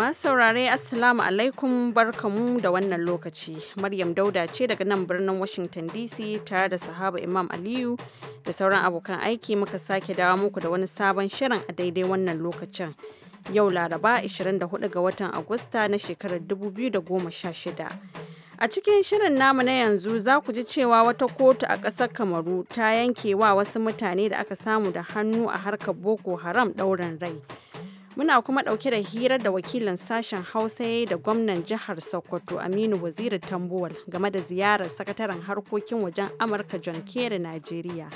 Masu saurare Assalamu alaikum barkamu da wannan lokaci. Maryam Dauda ce daga nan birnin Washington DC tare da sahaba Imam Aliyu da sauran abokan aiki muka sake dawo muku da wani sabon shirin a daidai wannan lokacin. Yau Laraba 24 ga watan Agusta na shekarar 2016. A cikin shirin namu na yanzu za ku ji cewa wata kotu a ƙasar Kamaru ta yanke wa wasu mutane da aka samu da hannu a harkar Boko Haram ɗaurin rai. Muna kuma ɗauke da hirar da wakilin sashen Hausa da gwamnan jihar Sokoto Aminu Waziri Tambuwal game da ziyarar sakataren harkokin wajen Amurka John Kerry nigeria.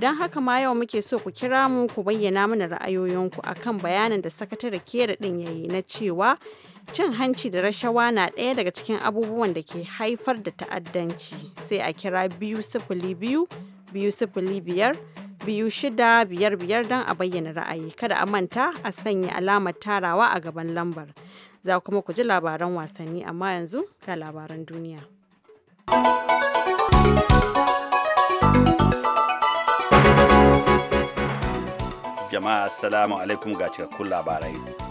Don haka ma yau muke so ku kira mu ku bayyana mana ra'ayoyinku akan bayanin da sakatare kera ɗin ya yi na cewa cin hanci da rashawa na ɗaya daga cikin abubuwan da ke haifar da ta'addanci sai a kira biyu sifili biyu biyu sifili biyar biyu shida biyar biyar don a bayyana ra'ayi kada a manta a sanya alamar tarawa a gaban lambar za kuma ku ji labaran wasanni amma yanzu ga labaran duniya jama'a assalamu alaikum ga cikakkun labarai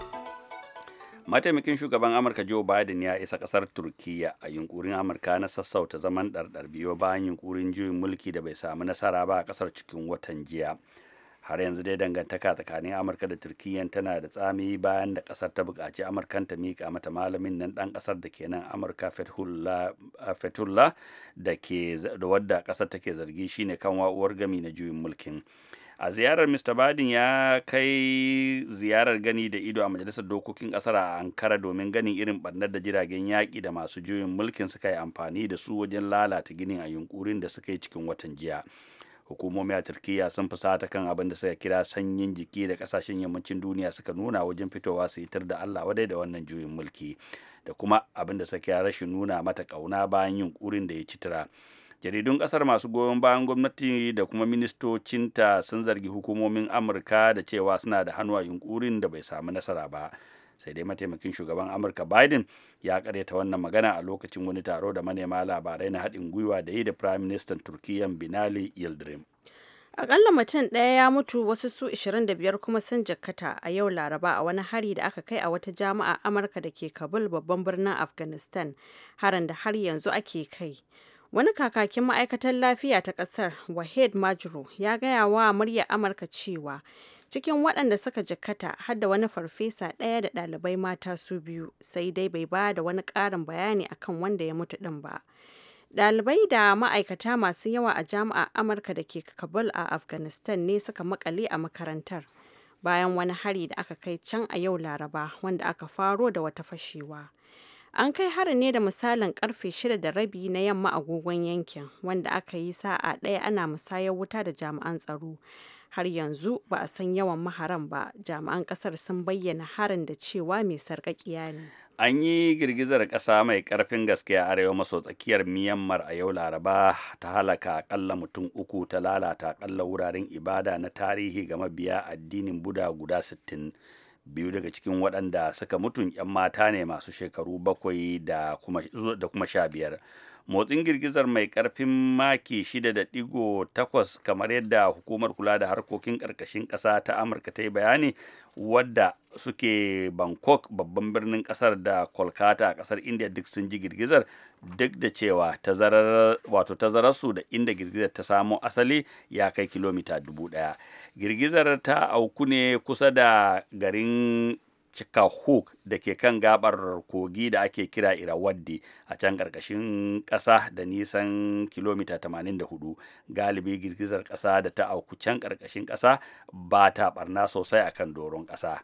mataimakin shugaban amurka joe biden ya isa kasar turkiya a yunkurin amurka na sassauta zaman ɗarɗar biyo bayan yunkurin juyin mulki da bai samu nasara ba a kasar cikin watan jiya har yanzu dai dangantaka tsakanin amurka da turkiyya tana da tsami bayan da kasar ta buƙaci amurkan ta miƙa mata malamin nan ɗan kasar da ke nan amurka fethullah da wadda ƙasar take zargi shine kan wa'uwar gami na juyin mulkin a ziyarar mr badin ya kai ziyarar gani da ido a majalisar dokokin kasar a ankara domin ganin irin barnar da jiragen yaƙi da masu juyin mulkin suka yi amfani da su wajen lalata ginin a yunkurin da suka yi cikin watan jiya hukumomi a turkiyya sun fusata kan abin da suka kira sanyin jiki da kasashen yammacin duniya suka nuna wajen fitowa su yitar da allah wadai da wannan juyin mulki da kuma abin da suka kira rashin nuna mata ƙauna bayan yunkurin da ya ci citira jaridun kasar masu goyon bayan gwamnati da kuma ministocinta sun zargi hukumomin amurka da cewa suna da hannu a yunkurin da bai samu nasara ba sai dai mataimakin shugaban amurka biden ya karyata wannan magana a lokacin wani taro da manema labarai na haɗin gwiwa da yi da prime minister turkiyya binali yildirim akalla mutum ɗaya ya mutu wasu su 25 kuma sun jakkata a yau laraba a wani hari da aka kai a wata jami'a amurka da ke kabul babban birnin afghanistan harin da har yanzu ake kai Wani kakakin ma'aikatar lafiya ta ƙasar, Wahed Majro, ya gaya wa muryar Amurka cewa cikin waɗanda suka jikkata har da wani farfesa ɗaya da ɗalibai mata su biyu, sai dai bai ba da wani ƙarin bayani akan wanda ya mutu ɗin ba. Ɗalibai da ma'aikata masu yawa a jami'a Amurka da ke Kabul a Afghanistan ne suka makale a makarantar bayan wani hari da aka kai can a yau Laraba wanda aka faro da wata fashewa. An kai harin ne da misalin karfe shida da rabi na yamma agogon yankin, wanda aka yi sa'a ɗaya ana musayar wuta da jami'an tsaro. Har yanzu ba a san yawan maharan ba, jami'an ƙasar sun bayyana harin da cewa mai sarƙaƙiya ne. An yi girgizar ƙasa mai ƙarfin gaske a arewa maso tsakiyar Myanmar a yau Laraba ta halaka akalla mutum uku ta lalata akalla wuraren ibada na tarihi ga mabiya addinin Buda guda sittin. biyu daga cikin waɗanda suka mutun 'yan mata ne masu shekaru bakwai da kuma sha biyar motsin girgizar mai karfin maki 6.8 kamar yadda hukumar kula da harkokin karkashin ƙasa ta amurka ta yi bayani wadda suke bangkok babban birnin ƙasar da kolkata a ƙasar india duk sun ji girgizar duk da cewa wato tazararsu da inda girgizar ta samo asali ya kai kilomita dubu girgizar ta auku ne kusa da garin Chikahuk da ke kan gabar kogi da ake kira Irawaddi a can ƙarƙashin ƙasa da nisan kilomita 84 galibi girgizar ƙasa da ta auku can karkashin ƙasa ba ta barna sosai akan doron ƙasa.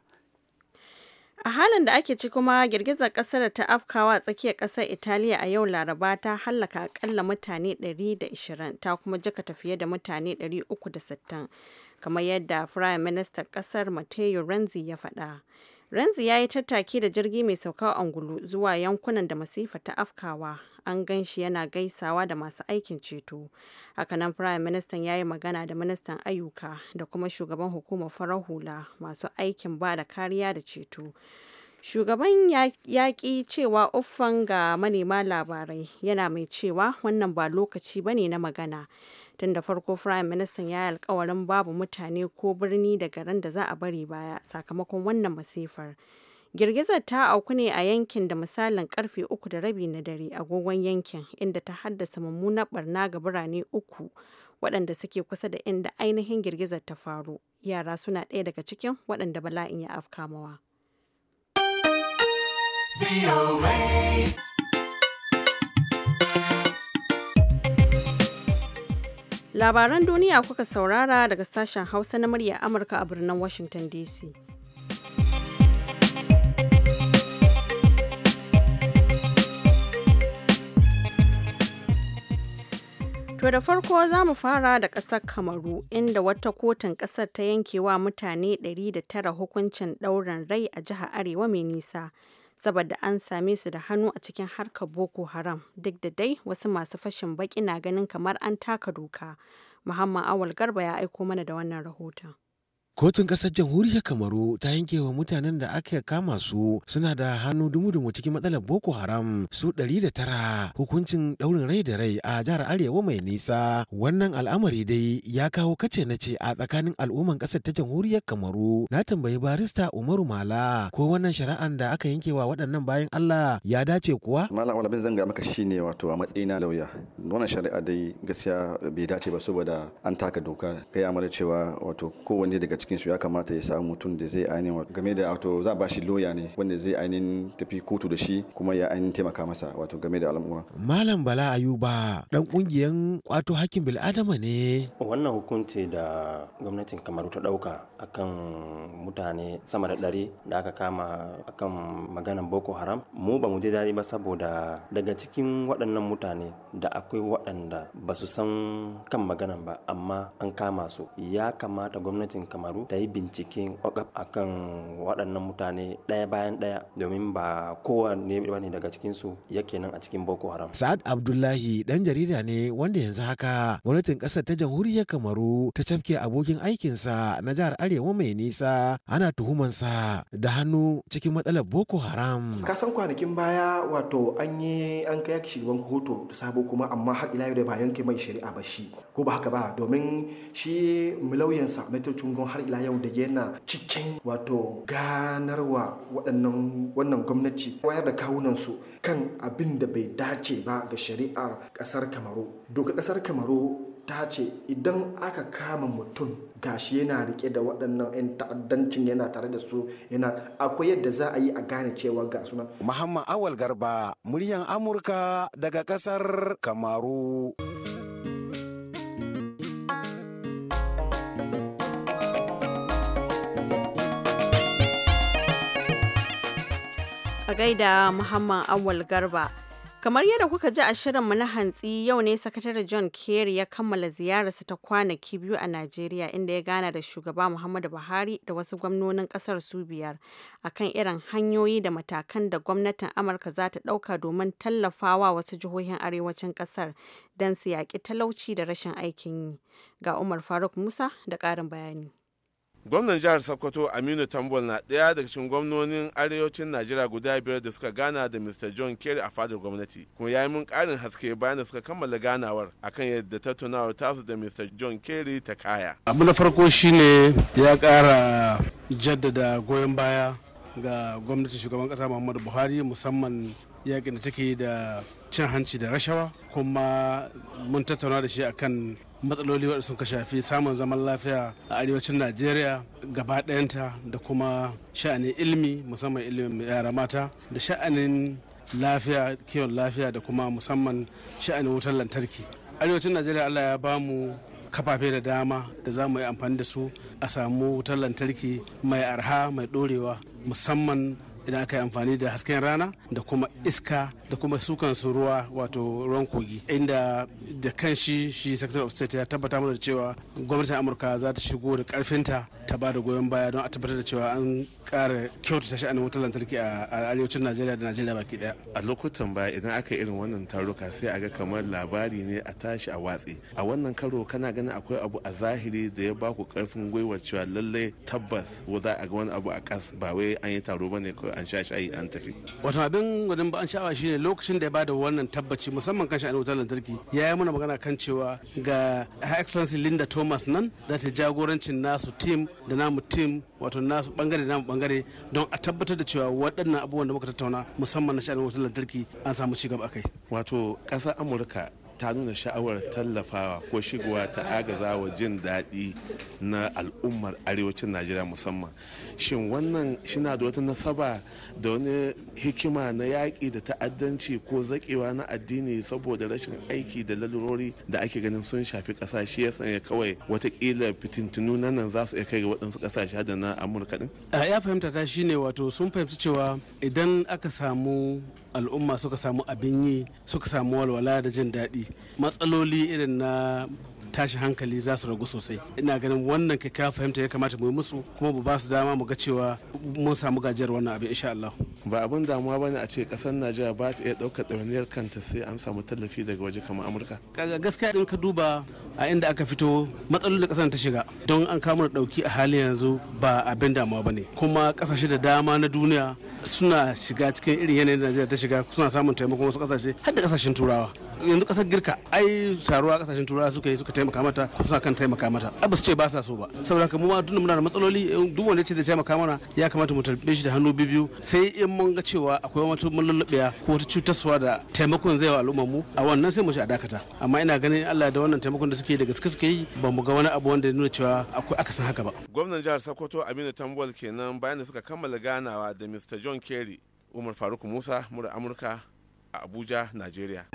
A halin da ake ci kuma girgizar ƙasar da ta afkawa tsakiyar ƙasar Italiya a yau Laraba ta hallaka akalla mutane 120 ta kuma jakata fiye da mutane 360. kamar yadda Firayim Ministan kasar Mateo Renzi ya faɗa. Renzi ya yi tattaki da jirgi mai sauka angulu zuwa yankunan da masifa ta afkawa. An gan shi yana gaisawa da masu aikin ceto. Hakanan Firayim Ministan ya yi magana da Ministan Ayyuka da kuma shugaban hukumar farar hula masu aikin ba da kariya da ceto. Shugaban yaƙi cewa uffan ga manema labarai yana mai cewa wannan ba lokaci ba ne na magana. tun da farko firayim ministan ya yi alkawarin babu mutane ko birni da garin da za a bari baya sakamakon wannan masifar girgizar ta auku ne a yankin da misalin karfe uku da rabi na dare agogon yankin inda ta haddasa mummunar barna ga birane uku waɗanda suke kusa da inda ainihin girgizar ta faru yara suna ɗaya daga cikin waɗanda bala'in ya afkamawa. Labaran duniya kuka saurara daga sashen Hausa na murya Amurka a birnin Washington DC. To da farko za mu fara da ƙasar Kamaru inda wata kotun ƙasar ta yanke wa mutane 109 hukuncin ɗaurin rai a jihar Arewa mai nisa saboda an same su da hannu a cikin harkar boko haram duk da dai wasu masu fashin baki na ganin kamar an taka doka muhammad awal garba ya aiko mana da wannan rahoton Kotun ƙasar jamhuriyar Kamaru ta yanke wa mutanen da aka kama su suna da hannu dumu-dumu cikin matsalar Boko Haram su ɗari da tara hukuncin ɗaurin rai da rai a jihar Arewa mai nisa. Wannan al'amari dai ya kawo kace na ce a tsakanin al'umman ƙasar ta jamhuriyar Kamaru. Na tambayi barista Umaru Mala ko wannan shari'an da aka yanke wa waɗannan bayan Allah ya dace kuwa? Malam Walabin zanga maka shine wato a matsayina lauya. Wannan shari'a dai gaskiya bai dace ba saboda an taka doka kai amara cewa wato kowanne daga cikin su ya kamata ya samu mutum da zai ainihin game da wato za a bashi loya ne wanda zai ainihin tafi kotu da shi kuma ya ainihin taimaka masa wato game da al'amura. Malam Bala Ayuba dan kungiyan kwato hakkin bil'adama ne. Wannan hukunci da gwamnatin Kamaru ta dauka akan mutane sama da ɗari da aka kama akan magana Boko Haram mu ba mu je dadi ba saboda daga cikin waɗannan mutane da akwai waɗanda ba su san kan maganan ba amma an kama su ya kamata gwamnatin Kamaru tayi ta yi binciken kwakwaf akan waɗannan mutane ɗaya bayan ɗaya domin ba ba ne daga cikinsu yake nan a cikin boko haram sa'ad abdullahi ɗan jarida ne wanda yanzu haka gwamnatin ƙasar ta jamhuriyar kamaru ta cafke abokin aikinsa na jihar arewa mai nisa ana tuhumansa da hannu cikin matsalar boko haram ka san kwanakin baya wato an yi an kai shugaban kotu da sabo kuma amma har ila yau da ba yanke mai shari'a ba shi ko ba haka ba domin shi lauyansa na turcin har ila yau da yana cikin wato ganarwa waɗannan wannan gwamnati wayar da kawunan su kan abin da bai dace ba ga shari'ar ƙasar kamaru doka ƙasar kamaru ta ce idan aka kama mutum gashi yana rike da waɗannan 'yan ta'addancin yana tare da su yana akwai yadda za a yi a gane cewa ga suna. Muhammad Awal Garba, muryan Amurka daga ƙasar Kamaru. gaida Muhammad Awal Garba. Kamar yadda kuka ji a shirin mu na hantsi yau ne sakatare John Kerry ya kammala ziyararsa ta kwanaki biyu a Najeriya inda ya gana da shugaba Muhammadu Buhari da wasu gwamnonin kasar su biyar akan irin hanyoyi da matakan da gwamnatin Amurka za ta ɗauka domin tallafawa wasu jihohin arewacin kasar don su yaƙi talauci da rashin aikin yi. Ga Umar Faruk Musa da ƙarin bayani. gwamnan jihar sokoto aminu tambol na ɗaya daga cikin gwamnonin arewacin najeriya guda biyar da suka gana da mr john kerry a fadar gwamnati kuma ya yi mun ƙarin haske bayan da suka kammala ganawar a kan yadda tattaunawar tasu da mr john kerry ta kaya abu na farko shine ya ƙara jaddada goyon baya ga gwamnatin shugaban ƙasa muhammadu buhari musamman yakin da take da cin hanci da rashawa kuma mun tattauna da shi akan matsaloli waɗanda suka shafi samun zaman lafiya a arewacin najeriya gaba ɗayanta da kuma sha'anin ilimi musamman ilimin yara mata da sha'anin lafiya kiwon lafiya da kuma musamman sha'anin wutar lantarki arewacin najeriya allah ya ba mu kafafe da dama da za mu yi amfani da su a samu wutar lantarki mai arha mai ɗorewa musamman idan aka yi amfani da hasken rana da kuma iska da kuma su kansu ruwa wato ruwan kogi inda da kan shi shi secretary of state ya tabbata mana cewa gwamnatin amurka za ta shigo da karfinta ta ba da goyon baya don a tabbatar da cewa an kara kyautata sha'anin wutar lantarki a arewacin najeriya da najeriya baki daya a lokutan baya idan aka yi irin wannan taruka sai a ga kamar labari ne a tashi a watsi a wannan karo kana ganin akwai abu a zahiri da ya baku karfin gwiwar cewa lallai tabbas ko za a ga wani abu a kas ba wai an yi taro bane ko an sha shayi an tafi wato abin gudun ba an sha'awa shine lokacin da ya bada wannan tabbaci musamman kan sha'anin wutar lantarki ya yi mana magana kan cewa ga her excellency linda thomas nan za ta jagorancin nasu tim da namu tim wato nasu bangare da namu bangare don a tabbatar da cewa waɗannan abubuwan da muka tattauna musamman na sha'anin wutar lantarki an samu ci gaba akai wato ƙasar amurka ta nuna sha'awar tallafawa ko shigowa ta agaza wa jin daɗi na al'ummar arewacin najeriya musamman shin wannan shina da wata nasaba da wani hikima na yaƙi da ta'addanci ko zaƙewa na addini saboda rashin aiki da lalurori da ake ganin sun shafi ƙasa shi ya sanya kawai watakila fitintunu na nan za su iya kai ga waɗansu ƙasashe da na amurka ɗin ya fahimta ta shine wato sun fahimci cewa idan aka samu al'umma suka samu abin yi suka samu walwala da jin daɗi matsaloli irin na tashi hankali za su ragu sosai ina ganin wannan kyakkyawar fahimta ya kamata mu yi musu kuma ba su dama mu ga cewa mun samu gajiyar wannan abin insha Allah ba abin damuwa bane a ce kasar Najeriya ba ta iya ɗaukar ɗawainiyar kanta sai an samu tallafi daga waje kamar Amurka kaga gaskiya din ka duba a inda aka fito matsalolin da kasar ta shiga don an kama da ɗauki a halin yanzu ba abin damuwa bane kuma kasashe da dama na duniya suna shiga cikin irin yanayin da Najeriya ta shiga suna samun taimakon wasu kasashe har da kasashen turawa yanzu kasar girka ai sharuwa kasashen turawa suka yi suka taimaka mata suna kan taimaka mata ai su ce ba sa so ba saboda haka mu duk muna da matsaloli eh, duk wanda ce da taimaka mana ya kamata mu tarbe shi da hannu biyu sai in mun ga cewa akwai wata mulluɓiya ko wata cutarwa da taimakon zai wa al'umma mu a wannan sai mu shi a dakata amma ina ganin Allah da wannan taimakon da suke da gaske suke yi ba mu ga wani abu wanda ya nuna cewa akwai akasin haka ba gwamnan jihar Sokoto Aminu tambol kenan bayan da suka kammala ganawa da Mr John Kerry Umar Faruk Musa mura Amurka a Abuja Nigeria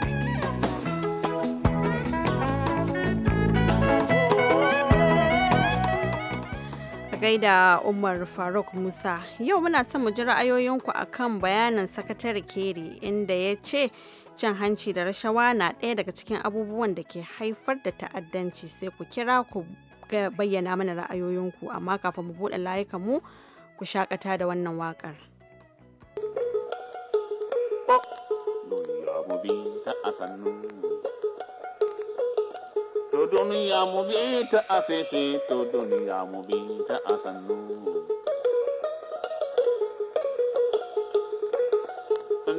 gaida Umar Faruk Musa. Yau muna son mu ji ra'ayoyinku akan bayanin sakatare Keri inda ya ce cin hanci da rashawa na ɗaya daga cikin abubuwan da ke haifar da ta'addanci sai ku kira ku bayyana mana ra'ayoyinku amma kafin mu buɗe layukan mu ku shakata da wannan waƙar. to duniya mu bi ta asese to duniya mu bi ta asannu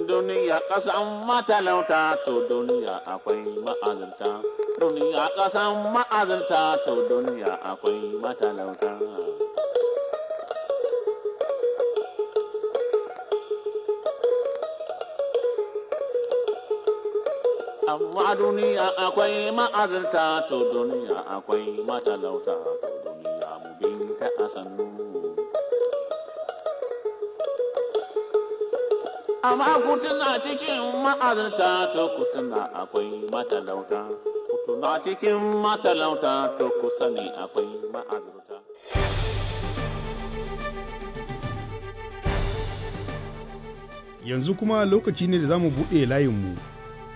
duniya kasan matalauta to duniya akwai ma'azinta duniya kasan ma'azinta to duniya akwai matalauta amma duniya akwai ma'azarta to duniya akwai matalauta to duniya mu binta a sannu amma kutuna cikin ma'azarta to kutuna akwai matalauta kutuna cikin matalauta to ku sani akwai ma'azarta yanzu kuma lokaci ne da za mu buɗe layinmu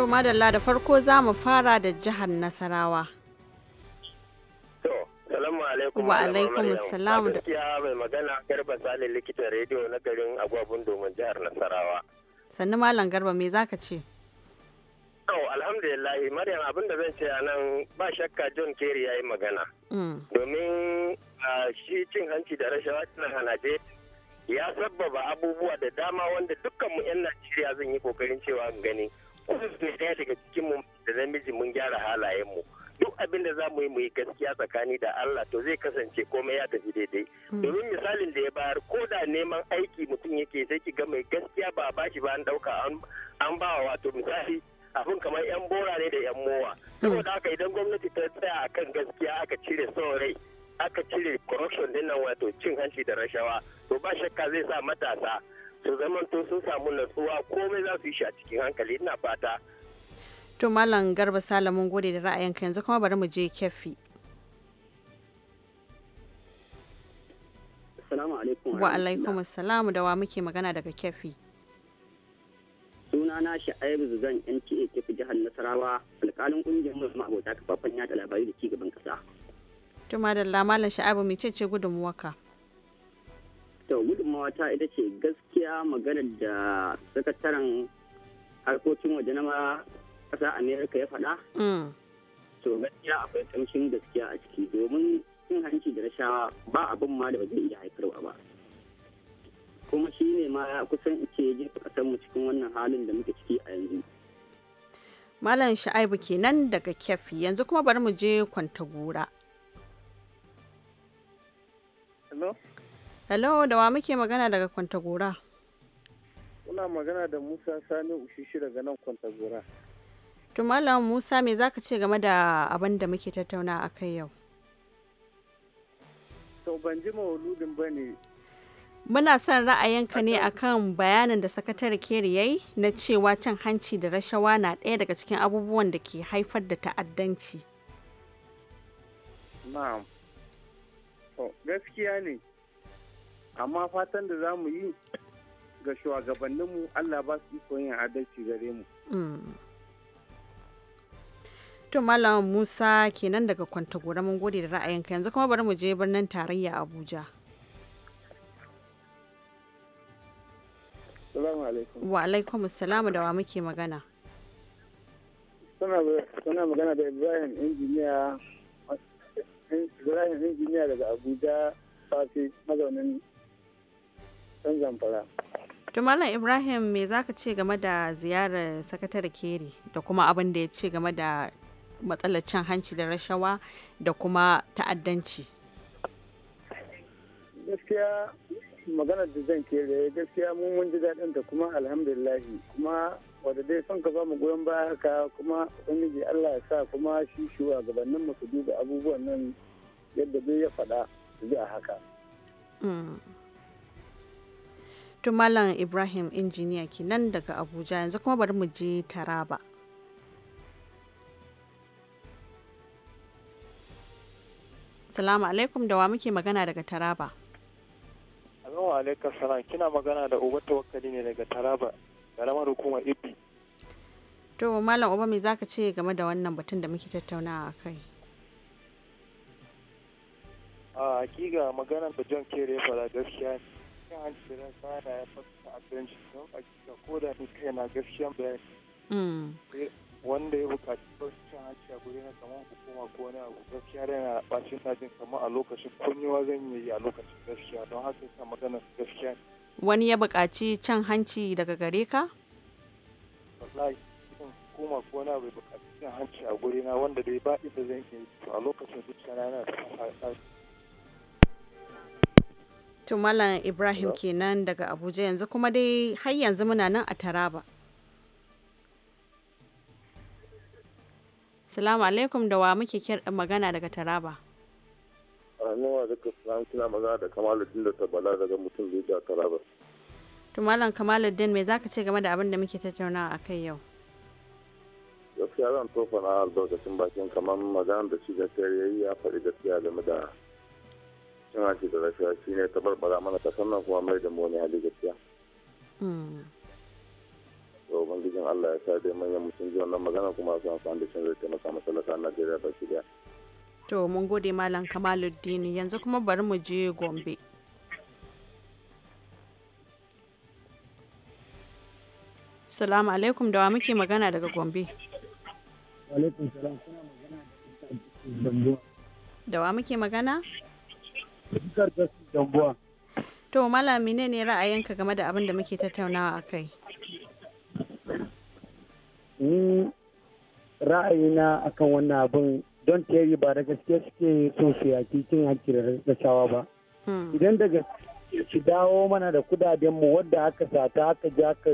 To madalla da farko za mu fara da jihar Nasarawa. Wa alaikum salamu da. mai magana Garba Sale likitan rediyo na garin Agwabun domin jihar Nasarawa. Sannu Malam Garba me zaka ce? Yau alhamdulillahi Maryam abin da zan ce a nan ba shakka John Kerry ya yi magana. Mm. Domin shi cin hanci da rashawa a hanaje ya sabbaba abubuwa da dama wanda dukkanmu 'yan Najeriya zan yi kokarin cewa gani ne ɗaya daga mu da namiji mun gyara halayen mu duk abin da za mu yi mu yi gaskiya tsakani da Allah to zai kasance komai ya tafi daidai hmm. domin misalin da ya bayar ko da neman aiki mutum yake sai ki ga mai gaskiya ba a bashi ba an dauka an ba wa wato misali abin kamar yan bora ne da yan mowa hmm. saboda haka idan gwamnati ta tsaya akan gaskiya aka cire son rai aka cire corruption nan wato cin hanci da rashawa to ba shakka zai sa matasa su zaman to sun samu natsuwa komai za su yi shi a cikin hankali ina fata to malam garba salamun gode da ra'ayinka yanzu kuma bari mu je kefi Assalamu alaikum. Wa alaikum assalam da wa muke magana daga kefi. Sunana Sha'aibu Zuzan NTA kefi jihar Nasarawa, alkalin ƙungiyar mu ma'abota kafafen yada labarai da ci gaban ƙasa. Tuma da lamalin sha'abu mai ce gudunmuwaka. to gudunmawa ta ita ce gaskiya maganar da sakataren harkokin waje na ƙasa amerika ya faɗa mm. to gaskiya akwai kamshin gaskiya a ciki domin cin hanci da rashawa ba abin ma da ba zai iya haifarwa ba kuma shi ne ma kusan ce jefa kasar mu cikin wannan halin da muke ciki a yanzu malam sha'ibu kenan daga kefi yanzu kuma bari mu je kwantagora Hello? Hello, da wa muke magana daga Kwantagora? Kuna magana da Musa Sani Ushishi daga nan Kwantagora. Tumala Musa me zaka ce game da abin da muke tattauna a kai yau? To ban ji mauludin ba ne. Muna son ra'ayinka ne akan bayanin da sakatare Keri yayi na cewa cin hanci da rashawa na ɗaya daga cikin abubuwan da ke haifar da ta'addanci. Na'am. gaskiya ne. amma fatan da za mu yi ga shugabanninmu allah ba su iso yin adalci gare mu mm. to malam musa kenan daga kwantagora mun gode da ra'ayinka yanzu kuma bari mu je birnin tarayya abuja wa alaikum salamu da wa muke magana suna magana da ibrahim injiniya ibrahim injiniya daga abuja safi mazaunin ɗan zamfara Tumala Ibrahim me ka ce game da ziyarar sakatare Keri da kuma abin da ya ce game da matsalar cin hanci da rashawa da kuma ta'addanci? Gaskiya magana da zan kere gaskiya mun mun ji daɗin ta kuma alhamdulillahi kuma wadda dai son ka ba mu goyon baya haka kuma ubangiji Allah ya sa kuma shi shuwa gabanin mu su duba abubuwan nan yadda dai ya faɗa su a haka. Mm. to malam ibrahim injiniya kenan daga abuja yanzu kuma bari mu je taraba salamu alaikum da wa muke magana daga taraba salamu alaikum salam kina magana da uba tawakkali ne daga taraba karamar hukumar ibi to malam uba me zaka ce game da wannan batun da muke tattaunawa kai a hakika maganar da john kere ya gaskiya ne cin hanci da fara ya fasa abinci don hakika ko da ni kai na gaskiya bayani. Mm. Eh, wanda ya bukaci wasu cin hanci a guri na kamar hukuma ko wani abu gaskiya da yana ɓacin tajin kamar a lokacin kunyewa zan yi a lokacin gaskiya don haka yasa magana gaskiya ne. Wani ya buƙaci cin hanci daga gare ka? Wallahi hukuma ko wani abu ya buƙaci cin hanci a guri na wanda dai ba inda zan yi a lokacin zuciya na yana da To Malam Ibrahim kenan daga Abuja yanzu kuma dai har yanzu muna nan a Taraba. Salamu alaikum da wa muke magana daga Taraba. Anuwa daga salam kina magana da Kamaluddin da Tabala daga mutum biyu da Taraba. To Malam Kamaluddin me zaka ce game da abin da muke tattaunawa a kai yau? Gaskiya zan tofa na albarkacin bakin kamar magana da shi da ya yi ya faɗi gaskiya game da cin hanci da rashawa shi ne ta barbara mana ta sannan kuma mai da mu wani hali gaskiya. Hmm. to ubangijin Allah ya sa dai manyan mutum ji wannan magana kuma su amfani da shan zai taimaka masalaka Najeriya ba shi daya. To mun gode Malam Kamaluddin yanzu kuma bari mu je Gombe. Salamu alaikum da wa muke magana daga Gombe. Alaikum salam kuna magana da wa muke magana? To Malam ne ra'ayinka game da abin da muke tattaunawa a kai? Ni ra'ayina akan wannan abin don teri ba da gaske suke so su yaki cin hanci da rashawa ba. Hmm. Idan da gaske su dawo mana da kudaden mu wadda aka sata aka ja ka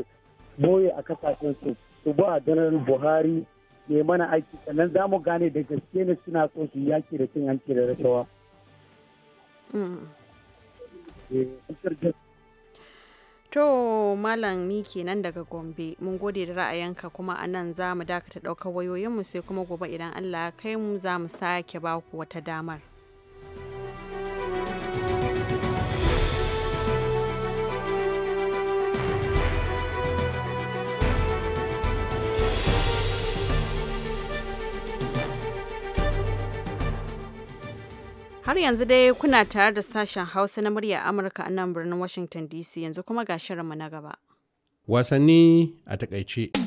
boye a kasashen su su ba ganar Buhari ne mana aiki sannan za mu gane da gaske ne suna so su yaki da cin hanci da rashawa. To Malam Miki nan daga Gombe mun gode da ra'ayanka kuma a nan za mu dakata ɗaukar wayoyinmu sai kuma gobe idan Allah kai mu za mu sake baku wata damar. Har yanzu dai kuna tare da sashen Hausa na murya Amurka a nan birnin Washington DC yanzu kuma ga shirinmu na gaba. Wasanni a takaice.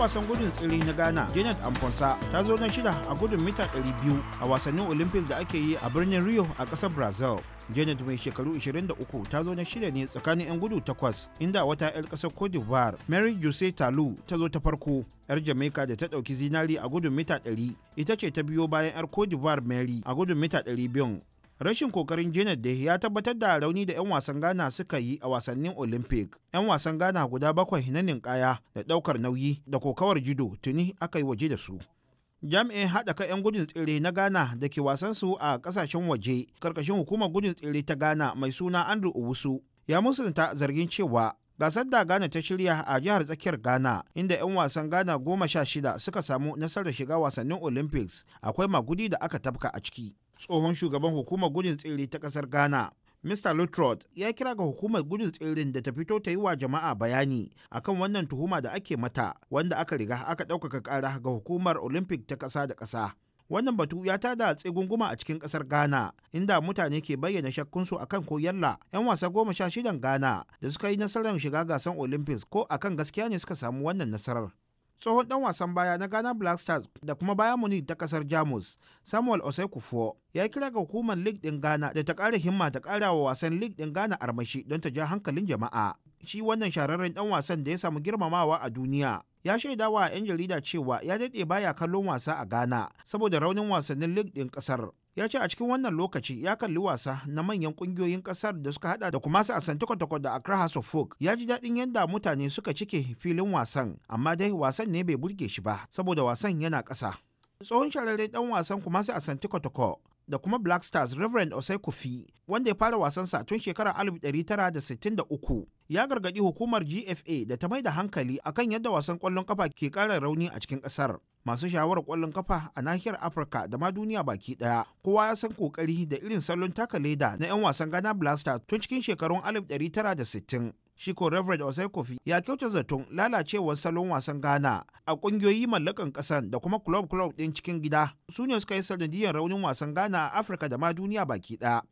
wasan gudun tsiri na ghana janet amfonsa ta zo na shida a gudun mita 200 a wasannin olympic da ake yi a birnin rio a ƙasar brazil janet mai shekaru 23 ta zo na shida ne tsakanin 'yan gudu takwas inda wata 'yar ƙasar cote d'ivoire mary jose talu ta zo ta farko 'yar jamaica da ta ɗauki zinari a gudun mita 100 ita ce ta biyo bayan 'yar cote d'ivoire mary a gudun mita 200 rashin kokarin janet da ya tabbatar da rauni da 'yan wasan ghana suka yi a wasannin olympic 'yan wasan ghana guda bakwai na ninkaya da daukar nauyi da kokawar judo tuni aka yi waje da su jami'in haɗa kai 'yan gudun tsere na ghana da ke wasan su a ƙasashen waje karkashin hukumar gudun tsere ta ghana mai suna andrew owusu ya musunta zargin cewa gasar da ghana ta shirya a jihar tsakiyar ghana inda 'yan wasan ghana goma sha shida suka samu nasarar shiga wasannin olympics akwai magudi da aka tafka a ciki tsohon shugaban hukumar gudun tsere ta kasar ghana mr lutrod ya kira ga hukumar gudun tserin da ta fito ta yi wa jama'a bayani akan wannan tuhuma da ake mata wanda aka riga aka ɗaukaka ƙara ga hukumar olympic ta ƙasa da ƙasa wannan batu ya tada tsegunguma a cikin ƙasar ghana inda mutane ke bayyana shakkunsu akan ko yalla yan wasa goma sha shidan ghana da suka yi nasarar shiga gasar olympics ko akan gaskiya ne suka samu wannan nasarar tsohon dan wasan baya na Ghana Black Stars da kuma bayan muni ta kasar Jamus, Samuel Osei-Kufo, ya kira ga hukumar League din Ghana da ta ƙara himma ta ƙara wa wasan League din Ghana armashi don ta ja hankalin jama'a. Shi wannan shararren dan wasan da ya samu girmamawa a duniya. Ya shaida wa 'yan jarida cewa ya daɗe baya kallon wasa a Ghana saboda raunin wasannin League din kasar. ya ce a cikin wannan lokaci ya kalli wasa na manyan kungiyoyin kasar da suka hada da kuma su asante da accra house of folk ya ji daɗin yadda mutane suka cike filin wasan amma dai wasan ne bai burge shi ba saboda wasan yana ƙasa tsohon shararren dan wasan kuma su a da kuma Black Stars Reverend Osei Kofi wanda ya fara wasansa tun shekarar 1963 ya gargaɗi hukumar GFA da ta mai da hankali akan yadda wasan kwallon kafa ke ƙara rauni a cikin ƙasar. Masu shawarar kwallon kafa a nahiyar Afirka da ma duniya baki ɗaya kowa ya san ƙoƙari da irin salon taka leda na 'yan wasan Ghana Blaster tun cikin shekarun 1960. shi ko Reverend Kofi ya kyauta zaton lalacewar salon wasan Ghana a kungiyoyi mallakan kasan da kuma club club din cikin gida su ne suka yi sanadiyar raunin wasan Ghana a Afirka da ma duniya baki ɗaya.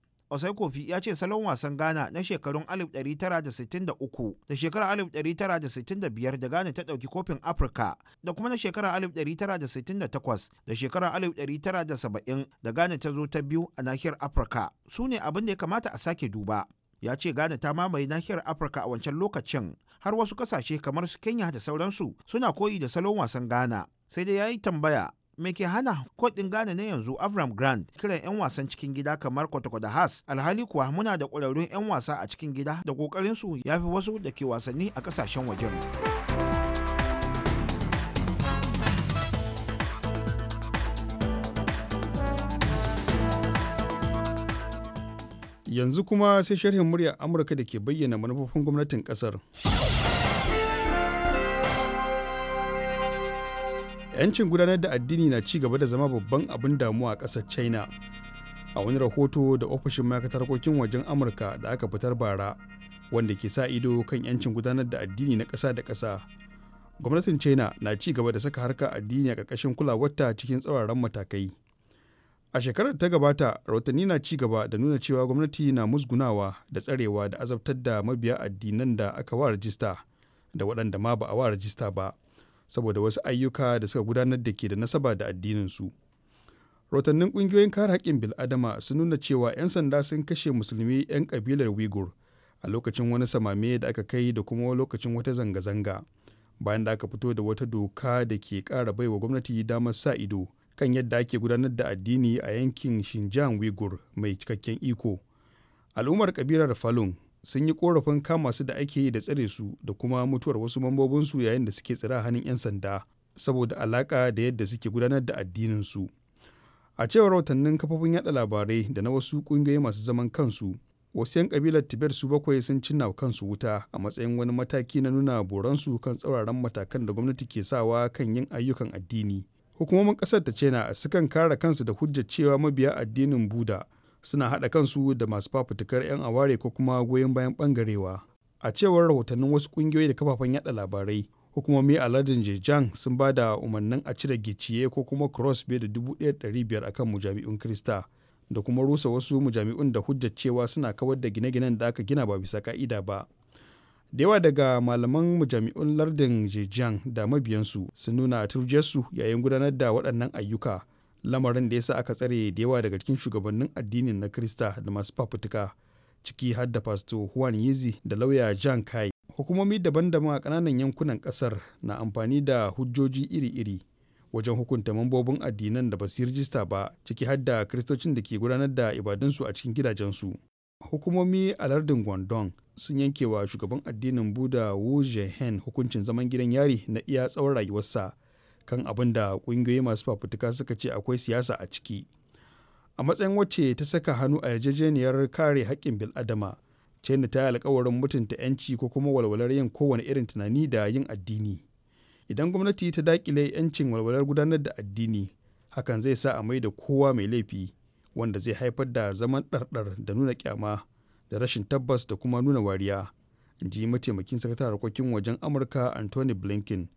kofi ya ce salon wasan Ghana na shekarun 1963 da shekarar 1965 da Ghana ta ɗauki kofin Afirka da kuma na shekarar 1968 da shekarar 1970 da Ghana ta zo ta biyu a nahiyar Afirka su ne abin da ya kamata a sake duba. ya ce ghana ta mamaye nahiyar afirka a wancan lokacin har wasu kasashe kamar su kenya da sauransu suna koyi da salon wasan ghana sai dai ya yi tambaya me ke hana kodin ghana na yanzu avram grant kiran 'yan wasan cikin gida kamar da has alhali kuwa muna da ƙwararrun 'yan wasa a cikin gida da ƙoƙarinsu ya fi wasu da ke wasanni a ƙasashen wajen. Yanzu kuma sai sharhin murya Amurka da ke bayyana manufofin gwamnatin kasar. 'Yancin gudanar da addini na ci gaba da zama babban abin damuwa a ƙasar China. A wani rahoto da ofishin ma'aikatar harkokin wajen Amurka da aka fitar bara, wanda ke sa ido kan 'yancin gudanar da addini na ƙasa da ƙasa. Gwamnatin China na ci gaba da saka harkar addini a ƙarƙashin kulawarta cikin tsauraran matakai. a shekarar ta gabata rahotanni na ci gaba da nuna cewa gwamnati na musgunawa da tsarewa da azabtar da mabiya addinan da aka wa rajista da waɗanda ma ba a wa rajista ba saboda wasu ayyuka da suka gudanar da ke da nasaba da addinin su rahotannin ƙungiyoyin kare haƙƙin bil'adama sun nuna cewa 'yan sanda sun kashe musulmi 'yan kabilar wigur a lokacin wani samame da aka kai da kuma lokacin wata zanga-zanga bayan da aka fito da wata doka da ke ƙara baiwa gwamnati damar sa ido kan yadda ake gudanar da addini a yankin Xinjiang Uyghur mai cikakken iko. Al'ummar kabilar Falun sun yi korafin kama su da ake yi da tsare su da kuma mutuwar wasu mambobinsu yayin da suke tsira hannun 'yan sanda saboda alaka da yadda suke gudanar da addinin su. A cewar rahotannin kafofin yada labarai da na wasu ƙungiyoyi masu zaman kansu, wasu 'yan kabilar Tibet su bakwai sun cinna kansu wuta a matsayin wani mataki na nuna boransu kan tsauraran matakan da gwamnati ke sawa kan yin ayyukan addini. hukumomin ƙasar ta china sukan kare kansu da hujjar cewa mabiya addinin buda suna haɗa kansu da masu fafutukar 'yan aware ko kuma goyon bayan bangarewa a cewar rahotannin wasu ƙungiyoyi da kafafen yada labarai hukumomi a lardin jejang sun ba da umarnin a cire giciye ko kuma cross da 1,500 akan mujami'un krista da kuma rusa wasu mujami'un da hujjar cewa suna kawar da gine-ginen da aka gina ba bisa ka'ida ba da yawa daga malaman majami'un lardin zhejiang da mabiyansu sun nuna turjiyarsu yayin gudanar da waɗannan ayyuka lamarin da ya sa aka tsare da yawa daga cikin shugabannin addinin na krista da masu fafutuka ciki har da fasto Huan yizi da lauya jan kai hukumomi daban-daban a ƙananan yankunan ƙasar na amfani da hujjoji iri-iri wajen hukunta mambobin addinan da ba su rijista ba ciki har da kiristocin da ke gudanar da ibadunsu a cikin gidajensu hukumomi a lardin guangdong sun yanke wa shugaban addinin buda wu jehen hukuncin zaman gidan yari na iya tsawon rayuwarsa kan abin da ƙungiyoyi masu fafutuka suka ce akwai siyasa a ciki a matsayin wacce ta saka hannu a yarjejeniyar kare haƙƙin bil'adama china ta yi alkawarin mutunta 'yanci ko kuma walwalar yin kowane irin tunani da yin addini idan gwamnati ta dakile 'yancin walwalar gudanar da addini hakan zai sa a mai da kowa mai laifi wanda zai haifar da zaman ɗarɗar da nuna kyama da rashin tabbas da kuma nuna wariya in ji mataimakin sakataren harkokin wajen amurka anthony blinken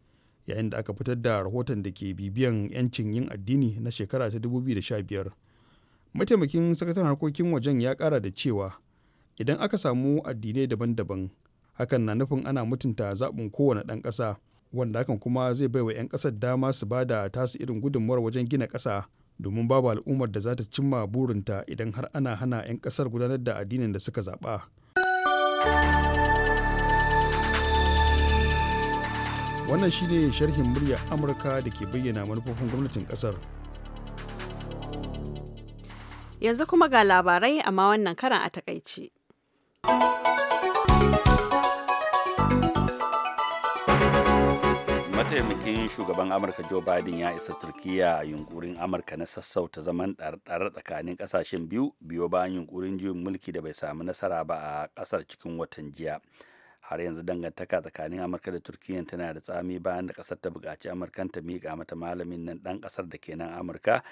yayin da aka fitar da rahoton da ke bibiyan 'yancin yin addini na shekara ta 2015 mataimakin sakataren harkokin wajen ya kara da cewa idan aka samu addinai daban-daban hakan na nufin ana mutunta zaɓin kowane ɗan ƙasa wanda hakan kuma zai baiwa 'yan ƙasar dama su bada tasu irin gudunmuwar wajen gina ƙasa domin babu al'ummar da za ta cimma burinta idan har ana hana 'yan kasar gudanar da addinin da suka zaɓa. wannan shine sharhin murya amurka da ke bayyana manufofin gwamnatin kasar. yanzu kuma ga labarai amma wannan karan a takaice. mataimakin shugaban amurka joe biden ya isa turkiya a yunkurin amurka na sassauta zaman ɗarɗarar tsakanin ƙasashen biyu biyo bayan yunkurin juyin mulki da bai samu nasara ba a ƙasar cikin watan jiya har yanzu dangantaka tsakanin amurka da turkiya tana da tsami bayan da ƙasar ta buƙaci amurkan ta miƙa mata malamin nan ɗan ƙasar da ke nan amurka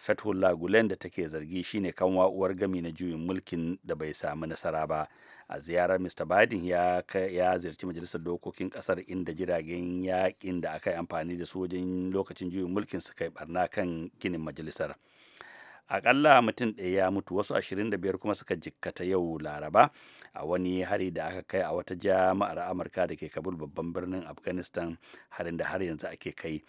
fethullah gulen da take zargi shine kan wa'uwar gami na juyin mulkin da bai samu nasara ba a ziyarar mr biden ya, ya ziyarci majalisar dokokin kasar inda jiragen yakin da aka yi amfani da su wajen lokacin juyin mulkin suka yi barna kan ginin majalisar akalla mutum ɗaya ya mutu wasu 25 kuma suka jikkata yau laraba a wani hari da aka kai a wata jama'ar amurka da ke kabul babban birnin afghanistan harin da har yanzu ake kai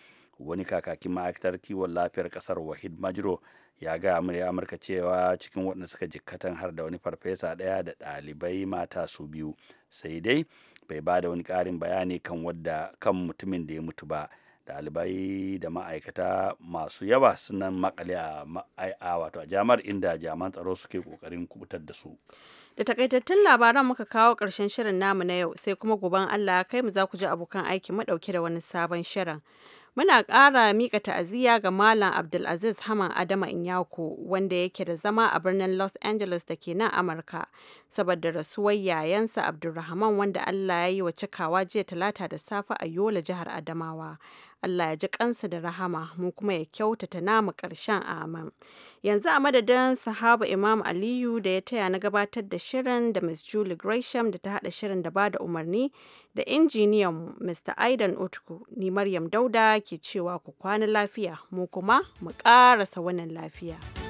wani kakakin ma'aikatar kiwon lafiyar kasar wahid majro ya ga amurka cewa cikin waɗanda suka jikkatan har da wani farfesa ɗaya da ɗalibai mata su biyu sai dai bai ba da wani karin bayani kan wadda kan mutumin da ya mutu ba ɗalibai da ma'aikata masu yawa sunan makale a wato a jamar inda jaman tsaro suke kokarin kubutar da su da takaitattun labaran muka kawo ƙarshen shirin namu na yau sai kuma goban allah kai mu za ku ji abokan aiki mu da wani sabon shirin Muna ƙara mika ta'aziyya ga Malam Abdulaziz Haman Adama Inyako wanda yake da zama a birnin Los Angeles da ke nan Amurka saboda rasuwar yayansa Abdulrahman wanda Allah ya yi wa cikawa jiya talata da safe a Yola jihar Adamawa. Allah ya ji kansa da rahama mu kuma ya kyautata namu ƙarshen amin. Yanzu a madadin sahaba Imam Aliyu da ya taya na gabatar da shirin da Miss Julie Gresham da ta haɗa shirin da ba da umarni da injiniyan Mr. Aidan Utku ni Maryam Dauda ke cewa ku kwana lafiya mu kuma mu ƙarasa wannan lafiya.